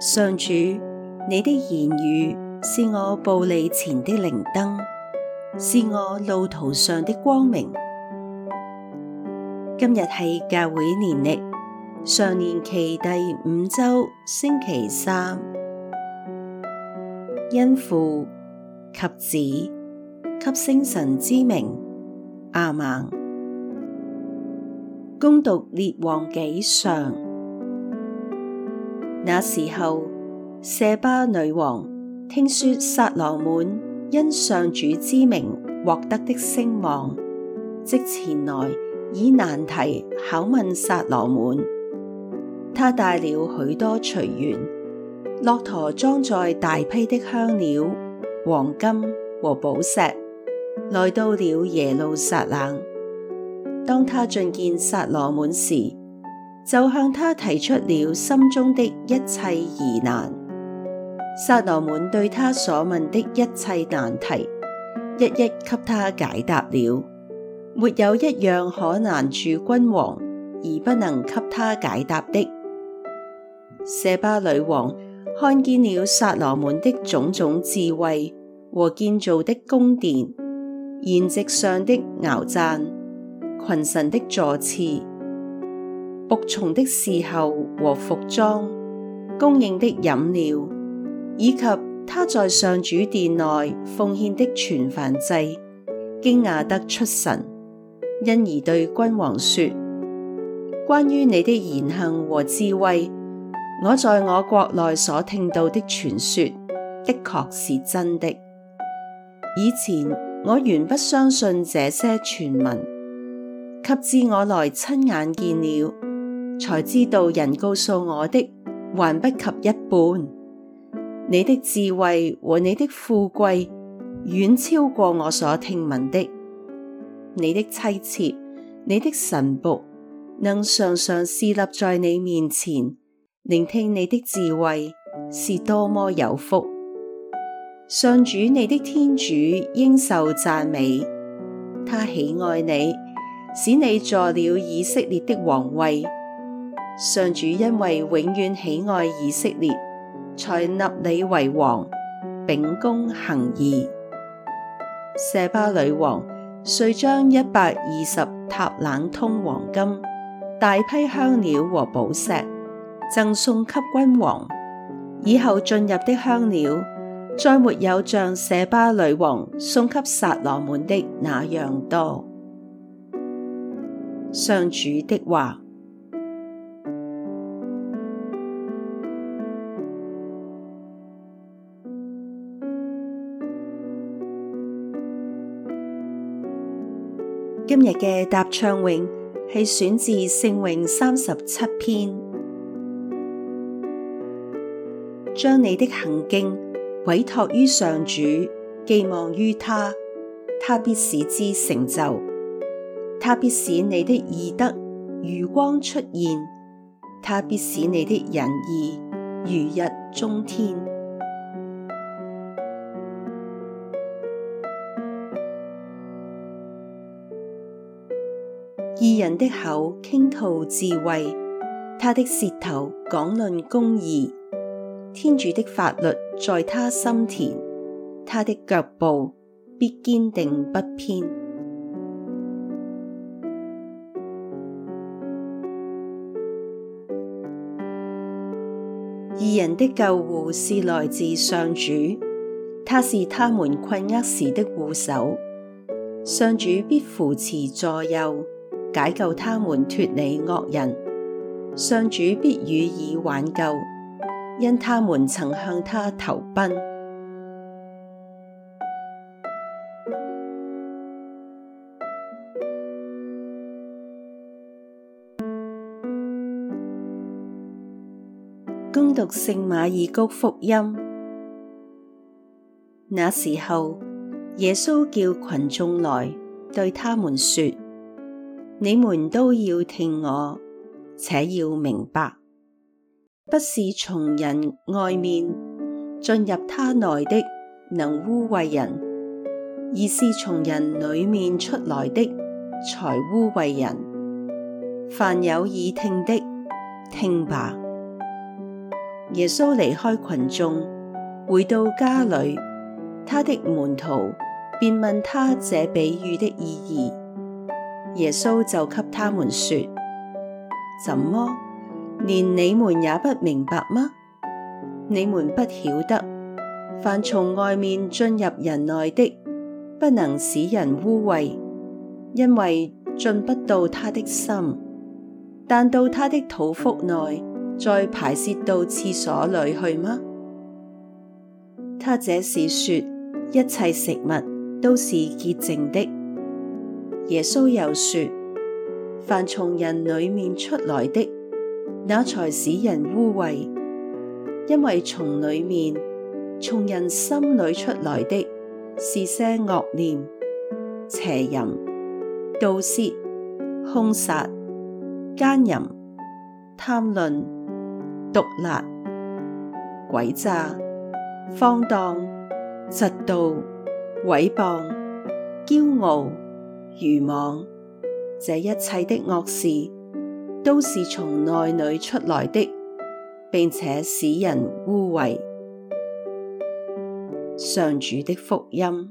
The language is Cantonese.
上主，你的言語是我步履前的靈燈，是我路途上的光明。今日係教會年曆常年期第五周星期三，因父及子及聖神之名，阿們。恭讀列王紀上。那時候，舍巴女王聽說撒羅滿因上主之名獲得的聲望，即前來以難題考問撒羅滿。她帶了許多隨員，駱駝裝載大批的香料、黃金和寶石，來到了耶路撒冷。當她進見撒羅滿時，就向他提出了心中的一切疑難，撒羅滿對他所問的一切難題，一一給他解答了，沒有一樣可難住君王而不能給他解答的。舍巴女王看見了撒羅滿的種種智慧和建造的宮殿，筵席上的餚饌，群臣的坐次。僕從的侍候和服裝，供應的飲料，以及他在上主殿內奉獻的全燔祭，驚訝得出神，因而對君王說：關於你的言行和智慧，我在我國內所聽到的傳說的確是真的。以前我原不相信這些傳聞，及至我來親眼見了。才知道人告訴我的還不及一半。你的智慧和你的富貴遠超過我所聽聞的。你的妻妾、你的臣僕能常常侍立在你面前，聆聽你的智慧，是多麼有福！上主，你的天主應受讚美，他喜愛你，使你坐了以色列的王位。上主因為永遠喜愛以色列，才立你為王，秉公行義。舍巴女王遂將一百二十塔冷通黃金、大批香料和寶石，贈送給君王。以後進入的香料，再沒有像舍巴女王送給撒羅滿的那樣多。上主的話。今日嘅答唱詠，係選自聖詠三十七篇，將你的行徑委託於上主，寄望於他，他必使之成就；他必使你的義德如光出現；他必使你的仁義如日中天。義人的口傾吐智慧，他的舌頭講論公義。天主的法律在他心田，他的腳步必堅定不偏。義人的救護是來自上主，他是他們困厄時的護守。上主必扶持助佑。解救他們脫離惡人，上主必予以挽救，因他們曾向他投奔。恭讀聖馬爾谷福音。那時候，耶穌叫群眾來，對他們說。你們都要聽我，且要明白：不是從人外面進入他內的能污穢人，而是從人裏面出來的才污穢人。凡有耳聽的，聽吧。耶穌離開群眾，回到家裏，他的門徒便問他這比喻的意義。耶穌就給他們說：「怎麼，連你們也不明白嗎？你們不曉得，凡從外面進入人內的，不能使人污穢，因為進不到他的心，但到他的肚腹內，再排洩到廁所裏去嗎？他這是說，一切食物都是潔淨的。耶穌又說：凡從人裏面出來的，那才使人污穢；因為從裏面、從人心裏出來的，是些惡念、邪淫、盜竊、兇殺、姦淫、貪吝、毒辣、詭詐、放蕩、嫉妒、毀謗、驕傲。愚妄，這一切的惡事都是從內裏出來的，並且使人污穢。上主的福音。